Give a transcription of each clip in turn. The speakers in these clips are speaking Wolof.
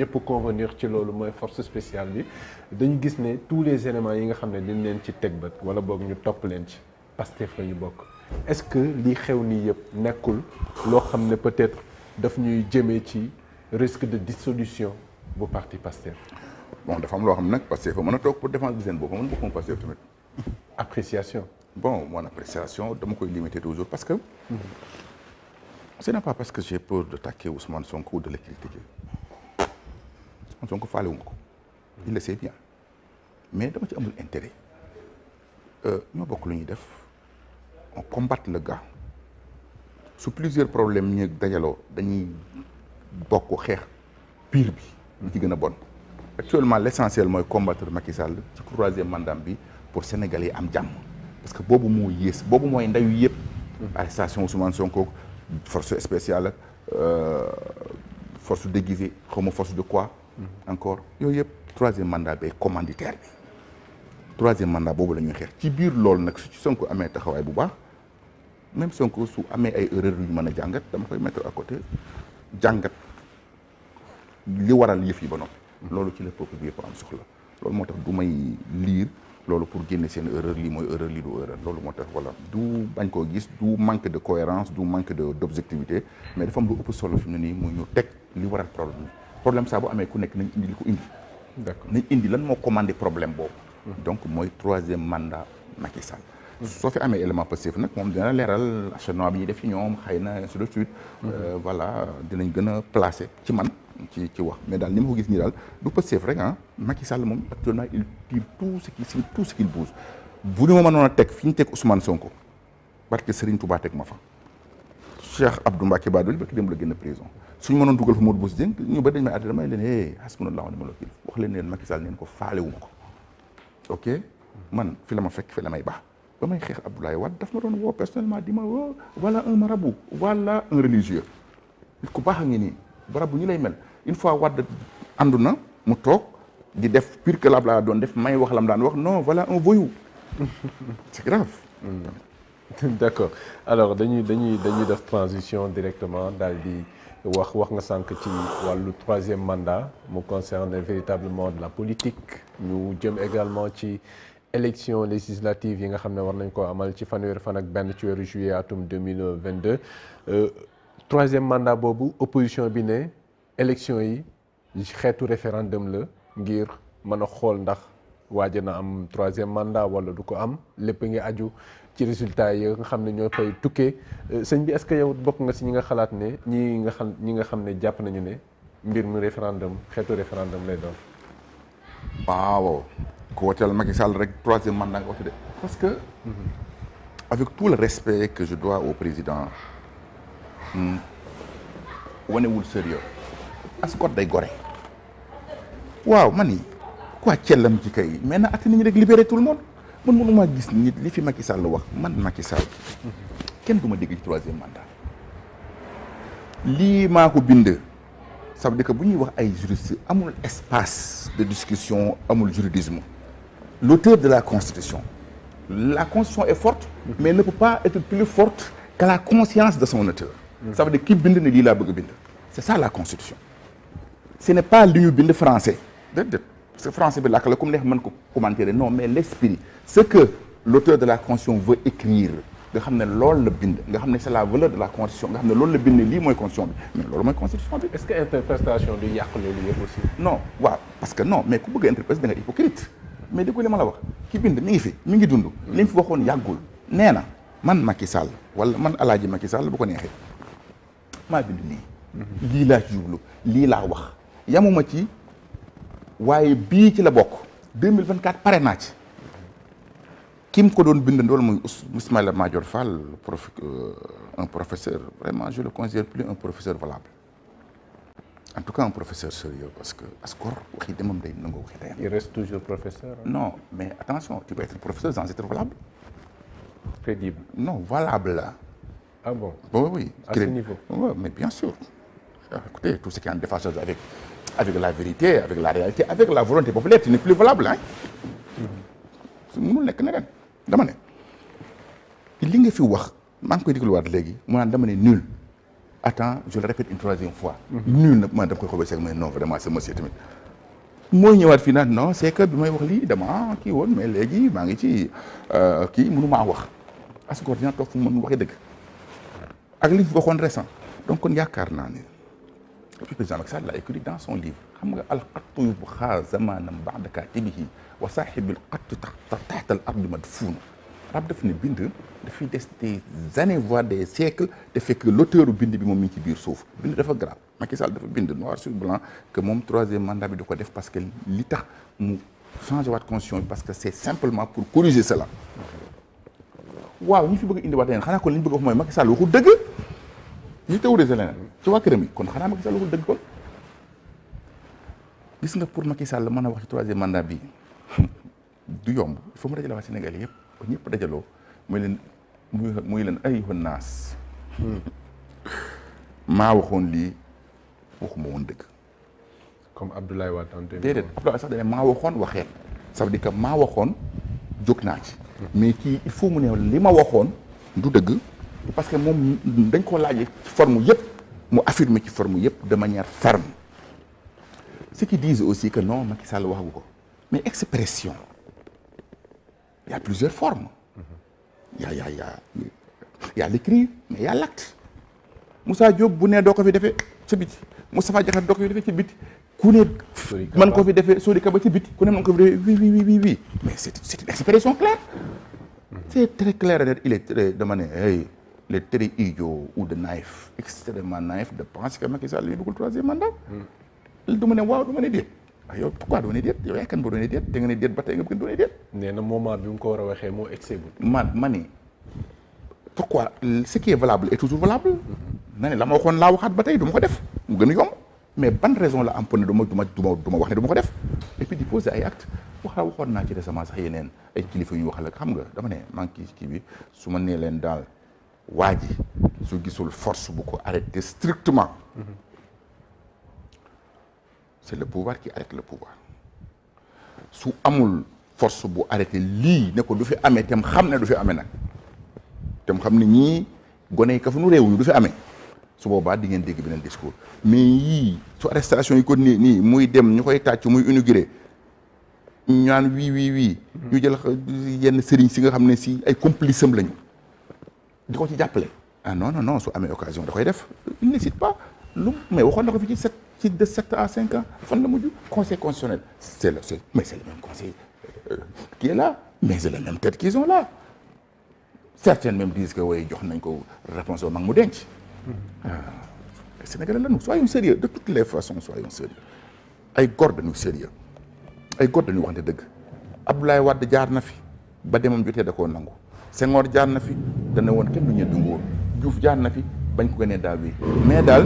ñëpp convenir ci loolu mooy force spéciale bi dañu gis ne tous les éléments yi nga xam ne dañ leen ci teg bët wala boog ñu topp leen ci Pastef la ñu bokk est-ce que lii xew nii yëpp nekkul loo xam ne peut-être daf ñuy jëmee ci risque de dissolution bu parti Pastef. bon dafa am loo xam nag Pastef fa mën a toog pour défense bi seen bopp man bokkuma Pastef tamit. appréciation. bon dama koy limiter toujours parce que. Mm-hmm. ce n'est pas parce que j'ai peur de taquer Ousmane Sonko ou de Ousmane Sonko faale wu ko il le sait bien mais dama ci amul intéret euh, ñoo bokk lu ñuy def on combat le gars su plusieurs problèmes ñu dajaloo dañuy bokk xeex pire bi lu ci gën a bon actuellement l' essentiel mooy combattre Macky Sall ci troisième mandat bi pour Sénégalais yi am jàmm parce que boobu moo yées boobu mooy ndayu yëpp arrestation Ousmane Sonko force spéciale euh, force déguisée xaw ma force de quoi Mm-hmm. encore yooyu yëpp troisième mandat bi commanditaire bi troisième mandat boobu la ñuy xeex ci biir loolu nag su ci sonk amee taxawaay bu baax même Sonko su amee ay erreur yu mën a jàngat dama koy mettre à côté jàngat li waral yëf yi ba noppi. Mm-hmm. loolu ci la peuple bi yëpp am soxla loolu moo tax du may liir loolu pour génne seen erreur lii mooy erreur lii du erreur loolu moo tax voilà du bañ koo gis du manque de cohérence du manque de d' mais dafa am lu solo fi mu ne nii mu ñu teg li waral problème problème saa bu amee ku nekk nañ indi li ko indi. nañ indi lan moo commandé problème boobu. Hmm. donc mooy troisième mandat Macky Sall. Hmm. soo fi amee élément positif nag moom dina leeral acharnement bi ñuy def ci ñoom xëy na ainsi de hmm. euh, voilà dinañ gën a placé ci man ci ci wax mais daal ni ko gis nii daal du positif rek ah Macky Sall moom actuellement il tire tout ce qui tout ce qu'il bouge ñu a teg fi ñu teg Ousmane Sonko parce que Serigne Touba teg ma fa. Cheikh Abdou Mbacké Badouli ba ki dem la génn prison. suñ mënoon dugal fa Modou Bousso Dieng ñu ba dañ may àtte damay leen eh hasbunallahu wa ni'mal wakil wax leen leen Macky Sall neen ko faale wu ma ko man fi la ma fekk fi la may baax ba may xeex Abdoulaye Wade daf ma doon woo personnellement di ma woo voilà un marabout voilà un ku baax a ngi nii marabout ñu lay mel une fois Wade àndu na mu toog di def pire doon def may wax lam daan wax non voilà un voyou c'est grave hmm. d'accord dañuy dañuy dañuy def transition directement daal di wax wax nga sànq ci wàllu troisième mandat mu concerne véritablement de la politique ñu jëm également ci élection législative yi nga xam ne war nañ ko amal ci fanweeri fan ak benn ci weeru juillet atum 2022 euh, troisième mandat boobu opposition bi ne élection yi xeetu référendum la ngir mën a xool ndax waaja na am troisième mandat wala du ko am lépp ngi aju ci résultat yi nga xam ne ñoo fay tukkee euh, sëñ bi est-ce que yow bokk nga si ñi nga xalaat ne ñi nga xam ñi xam ne jàpp nañu ne mbir mu référendum xeetu référendum lay doon. waaw ku woteel Macky Sall rek troisième man nga wote de parce que. Mm-hmm. avec tout le respect que dois au président. Hmm, wanewul sérieux as gor day gore waaw man ni quoi cellam ci kay mais na atte nañu rek libérer tout le monde man mënumaa gis nit li fi Macky Sall wax man Macky Sall kenn du ma dégg ci troisième mandat lii maa ko bind ça veut dire bu ñuy wax ay juriste amul espace de discussion amul juridisme l'auteur de la constitution la constitution est forte mais ne peut pas être plus forte que la conscience de son auteur ça veut dire ki bind ne lii laa bëgg a bind c'est ça la constitution ce n'est pas li ñu bind français déedéet français bi làkk la ku neex mën ko commenter non mais l'esprit ce que l'auteur de la constitution veut écrire nga xam ne loolu la bind nga xam ne c'est la valeur de la constitution nga xam ne loolu la bind lii mooy constitution bi mais loolu mooy constitution bi. est-ce que interprétation du yàq loolu yëpp aussi. non waaw parce que non mais ku bëgg a interpréter hypocrite mais dégg li ma la wax ki bind mi fi mi ngi dund. li fi waxoon yàggul nee na man Macky Sall wala man El Hadj Macky Sall bu waaye bii ci la bokk 2024 pare naa ci ki mu ko doon bind ndool muy Ismaïla Madior Fall prof euh, un professeur vraiment je le considère plus un professeur valable en tout cas un professeur sérieux parce que ascor waxi demam day nangoo waxi tayam il reste toujours professeur hein? non mais attention tu peux être professeur sans être valable non valable là ah bon bon oui mais bien sûr ah, écoutez tout ce qui en déphasage avec avec la vérité avec la réalité avec la volonté boobu léegi tu n'es plus valable ah. su munul nekk neneen dama ne li nga fi wax maa ngi koy dégluwaat léegi mu naan dama ne nul attends je le répète une troisième fois. Mhm. nul nag man dama koy xool seeg mais non vraiment c'est monsieur tamit. mooy ñëwaat fii naan non c'est que bi may wax lii dama kii woon mais léegi maa ngi ci euh, kii mënu maa wax as góor dina toog fu mu mën waxee dëgg ak li ñu récent donc kon yaakaar naa ni. le président Macky Sall l'a écrit dans son livre xam nga alxattu yubxaa zamaanam baada kaatibihi wa saaxibil xattu taxta al ardi madfuun rab daf ne bind dafay des des années voire des siècles te fekk l'auteur bind bi moom mi ngi ci biir suuf bind dafa grave Macky Sall dafa bind noir sur blanc que moom troisième mandat bi da ko def parce que li tax mu changé waat constitution bi parce que c'est simplement pour corriger cela waaw ñu fi bëgg a a wax mooy ñuy théoriser leneen ci waa këram yi kon xanaa Macky Sall waxul dëgg kon gis nga pour Macky Sall mën a wax ci troisième mandat bi du yomb il faut mu dajale yëpp ñëpp dajaloo muy leen leen ay naas hmm. maa waxoon lii waxuma woon dëgg. comme Abdoulaye Wade tante. déedéet Abdoulaye waxoon waxeet. ça veut dire que maa waxoon jóg naa ci. Hmm. mais kii il faut mu ne li ma waxoon du dëgg. parce que moom dañ koo laajee ci forme yëpp mu affirmer ci forme yëpp de manière ferme ceux qui disent aussi que non Macky Sall waxagu ko mais expression il y a plusieurs formes il y a il y a mais il y a l'acte Moussa bu nee doo ko fi defee ci biti Moustapha Diakhaté doo ko fi defee ci biti ku ne man ko fi defee Sori Kaba ci biti ku ne man ko fi defee oui oui oui oui mais c'est une expression claire c'est très clair il est très dama ne les traits idiots ou de naïf extrêmement naïf de penser que Macky Sall li bëggul troisième mandat hmm. du ma ne waaw du ma ne déet ah yow pourquoi doo ne déet yow yaa kan ba doo ne déet da nga bi mu ko war a waxee moo excès bu ma ma ne pourquoi ce qui est na hmm. ne la ma waxoon laa waxaat ba tey du ma ko def mu gën yomb mais ban raison la am pour ne du ma du ma du ma ma wax ne du ma ko def et puis di poser ay acte waxaa waxoon naa ci récemment sax yeneen ay kilifa yu ñu waxal ak xam nga dama ne maa kii bi su ma nee leen daal waa ji su gisul force bu ko arrêté strictement c'est le pouvoir qui arrête le pouvoir su amul force bu arrêté lii ne du fi amee tem xam ne du fi ame nag tem xam ne ñii gone yi ka fa nu réew du fi amee su boobaa di ngeen dégg beneen discours mais yii su arrestation yi ko nii nii muy dem ñu koy tàcc muy inauguré ñu naan wii wii wii ñu jël yenn sëriñ si nga xam ne si ay complice am lañu di ko ci jàppale ah non non su amee occasion da koy def il n'hésite pas lu mais waxoon na ko fi ci sept ci de sept à cinq ans fan la mujj conseil constitutionnel c'est le mais c'est le même conseil euh, qui est là mais c'est la même tête qu'ils ont là certains même disent que way jox nañ ko réponse ba mag mu denc ah. Sénégalais lañu soyons sérieux de toutes les façons soyons sérieux ay góor dañu sérieux ay góor dañu wax ne dëgg Abdoulaye Wade jaar na fi ba demam jotee da koo nangu Senghor jaar na fi dana woon kenn du ñu du nguur Diouf jaar na fi bañ ko gënee daaw bi mais daal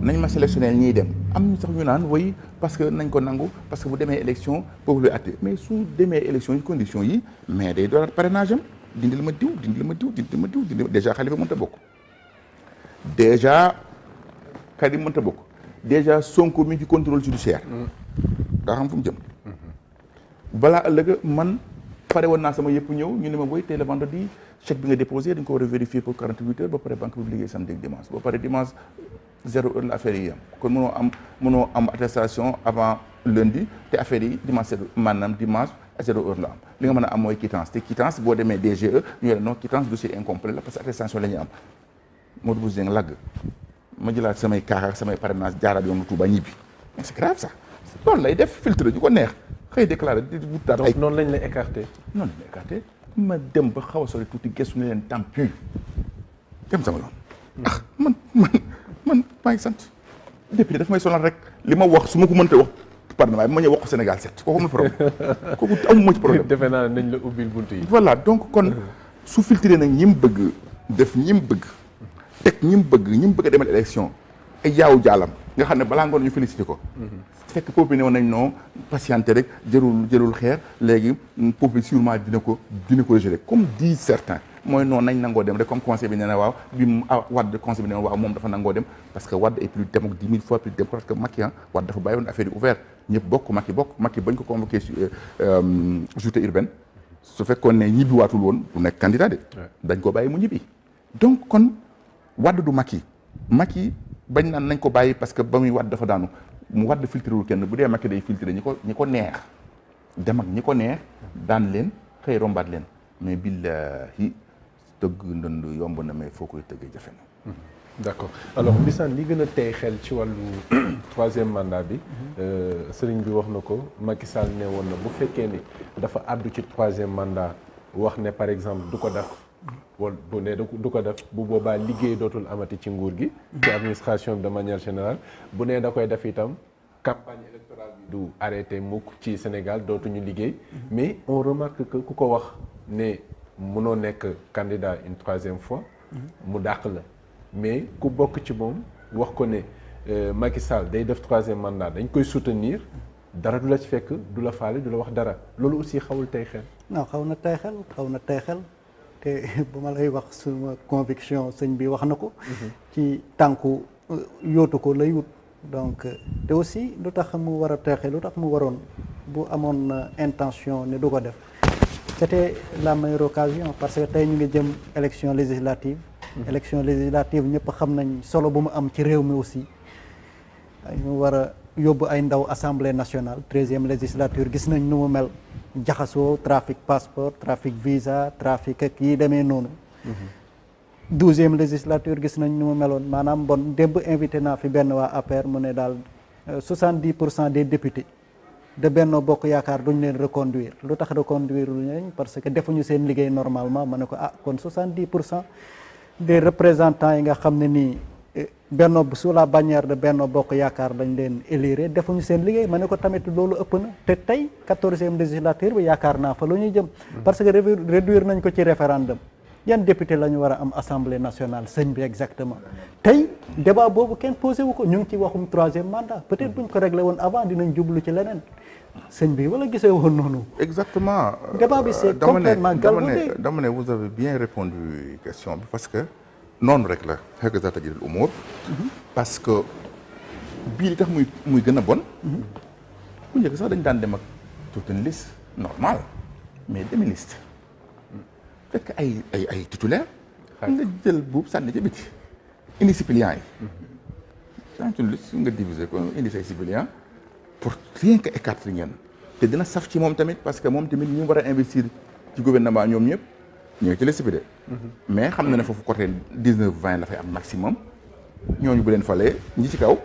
nañ ma sélectionné ñiy dem am ñu sax ñu naan woy parce que nañ ko nangu parce que bu demee élection boobu la atte mais su demee élection yi condition yi mais day dooraat parrainage am dindil ma diw dindil ma diw dindil ma diw dindil déjà Khalifa mënut a bokk déjà Karim mënut a bokk déjà Sonko mi ci contrôle judiciaire mm. daa xam fu mu jëm balaa ëllëg man pare woon naa sama yëpp ñëw ñu ne ma booy tey le vendredi chèque bi nga déposé dañ ko war a vérifier pour 48 heures ba pare banque bi liggéey samedi dimanche ba pare dimanche zéro heure la am li nga mën a am mooy quittance te quittance boo demee DGE ñu ne non quittance dossier incomplet la parce que attestation la ñu am Modou Bousso Dieng lagg ma jëlaat samay kaax ak samay parrainage jaaraat yoonu Touba ñibbi mais c'est grave ça loolu lay def filtre ko neex. xëy déclaré di wut dara. ay noonu lañ lay écarté. noonu lañ lay écarté ma dem ba xaw a sori tuuti gëstu ne leen temps pur dem sama yoon. Hmm. ah man man man sant. député daf may sonal rek li ma wax su ma ko mënta wax pardon waaye ma ñëw wax ko Sénégal set kooku amul problème kooku amul moo ci problème. defe naa nañ la ubbil bunt yi. voilà donc kon hmm. su filtré nag ñi mu bëgg def ñi mu bëgg teg ñi mu bëgg ñi bëgg a demal élection ay yaawu jaalam. nga xam ne balaa ngoon ñu félicité ko fekk peuple ne woon nañ non patienté rek jërul jërul xeer léegi peuple sûrement dina ko dina ko rejeté comme disent certains mooy noon nañ nangoo dem rek comme conseil bi nee na waaw bi ah, Wade conseil moom dafa nangoo dem parce que Wade est plus démocrate dix mille fois plus démocrate que Macky Wade dafa bàyyi woon affaire yi ouvert ñëpp bokk Macky bokk Macky bañ ko convoqué euh, euh, journée urbaine su fekkoon ne ñibbi waatul woon du nekk candidat de dañ ko bàyyi mu ñibbi donc kon Wade du Macky Macky bañ naan nañ ko bàyyi parce que ba muy wadd dafa daanu mu wadd filtré wul kenn bu dee Macky day filtré ñi ko ñi ko neex dem ñi ko neex daan leen xëy rombaat leen mais billahi tëgg ndënd yomb na mais foo koy tëggee jafe na mhm. d'accord alors Mbissane li gën a tey xel ci wàllu troisième mandat bi mhm. euh, sëriñ bi wax na ko Macky Sall woon na bu fekkee ni dafa àddu ci troisième mandat wax ne par exemple du ko def wala bu ne du ko def bu boobaa liggéey dootul amati ci nguur gi ci administration bi de manière générale bu ne da koy def itam campagne électorale bi du arrêté mukk ci Sénégal dootuñu liggéey mais on remarque que ku ko wax ne mënoo nekk candidat une troisième fois mu dàq la mais ku bokk ci moom wax ko ne euh, Macky Sall day def troisième mandat dañ koy soutenir dara du la ci fekk du la faale du la wax dara loolu aussi xawul tey xel xaw na tey xel xaw na tey xel te bu ma lay wax suma conviction sëñ bi wax na ko ci tànku euh, yootu ko lay wut donc te aussi lu tax mu war a teexe lu tax mu waroon bu amoon euh, intention ne du ko def c'était la meilleure occasion parce que tey ñu ngi jëm élection législative mhm. élection législative ñëpp xam nañ solo bu mu am ci réew mi aussi ñu war a yóbbu ay ndaw assemblée nationale treizième législature gis nañ nu mu mel jaxasoo trafic passeport trafic visa trafic ak yi demee noonu. douzième législature gis nañ ni mu meloon maanaam bon démb invité naa fi benn waa APR mu ne daal euh, soixante dix pour cent des députés de Benno Bokk Yaakaar duñ leen reconduire lu tax reconduire lañ parce que defuñu seen liggéey normalement ma ne ko ah kon soixante dix pour cent des représentants yi nga xam ne nii. benno sous la bannière de benno bokk yaakaar dañ leen élire defuñu seen liggéey ma ne ko tamit loolu ëpp na te tey quatorzième législature bi yaakaar naa fa la jëm hmm. parce que réduire nañ ko ci référendum yan député la ñu a am assemblée nationale sëñ bi exactement tey débat boobu kenn posé ko ñu ngi ci waxum troisième mandat peut être buñ ko réglé woon avant dinañ jublu ci leneen sëñ bi wala gisee woon noonu exactement débat bi c'est euh, complètement noonu rek la xëy na tajidul umur parce que bii li tax muy muy gën a bon. bu sax dañ daan dem ak toute une liste normale mais demi liste. fekk ay ay ay titulaire nga jël buub sànni ca biti. indi si client yi. sànq liste nga diviser ko indi say client pour rien que écarter ngeen. te dina saf ci moom tamit parce que moom tamit ñu war a investir ci gouvernement ñoom ñëpp. ñëw ci liste bi mais xam na ne foofu côté 19 20 la fay am maximum ñooñu bu leen falee ñi ci kaw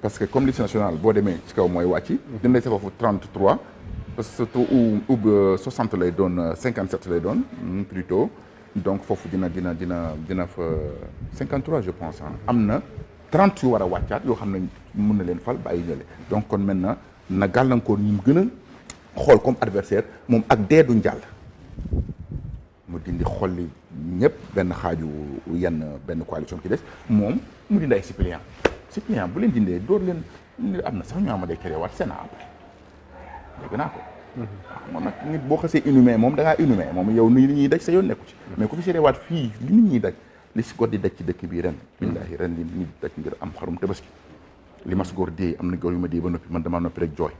parce que comme liste nationale boo demee ci kaw mooy wàcc. dina lay sa foofu 33 parce que surtout ou 60 lay doon 57 lay doon hmm, plutôt donc foofu dina dina dina dina fa 53 je pense am na 30 yu war a wàccaat yoo xam ne mun na leen fal bàyyi ñële donc kon maintenant na gàllankoor ñu gën a xool comme adversaire moom ak dee duñ mu dindi xolli ñëpp benn xaaju yenn benn coalition ki des moom mu dindi ay suppléant suppléant bu leen dindee door leen am na sax ñu ama day créé waat Sénat après dégg naa ko mhm. waaw moom nag nit boo xasee inhumé moom da ngaa moom yow ni nit ñuy daj sa yoon nekku ci mhm. mais ku fi séeré waat fii li nit ñuy daj li si góor di daj ci dëkk bi ren mhm. billaahi ren li nit daj ngir am xarum tabaski li mas góor dee am na góor yu ma dee ba noppi man damaa noppi rek jooy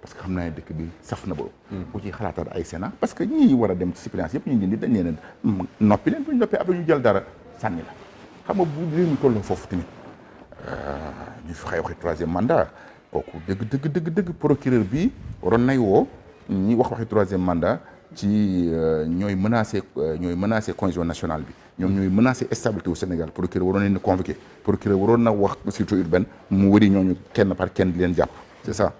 parce que xam naa dëkk bi saf na boobu. Hmm. ku ci xalaatal ay Sénat parce que ñii war a dem ci suppléance yëpp ñu ngi dañ leen noppi leen bu ñu noppee après ñu jël dara sànni la xam nga bu réew mi tolloo foofu tamit euh, ñu fi xay waxi troisième mandat kooku dëgg dëgg dëgg dëgg procureur bi waroon nay woo ñi wax waxi troisième mandat ci euh, ñooy menacé euh, ñooy menacé cohésion nationale bi ñoom ñooy menacé stabilité wu Sénégal procureur waroon nañu convoqué procureur waroon na wax surtout urbaine mu wëri ñooñu kenn par di leen jàpp c'est ça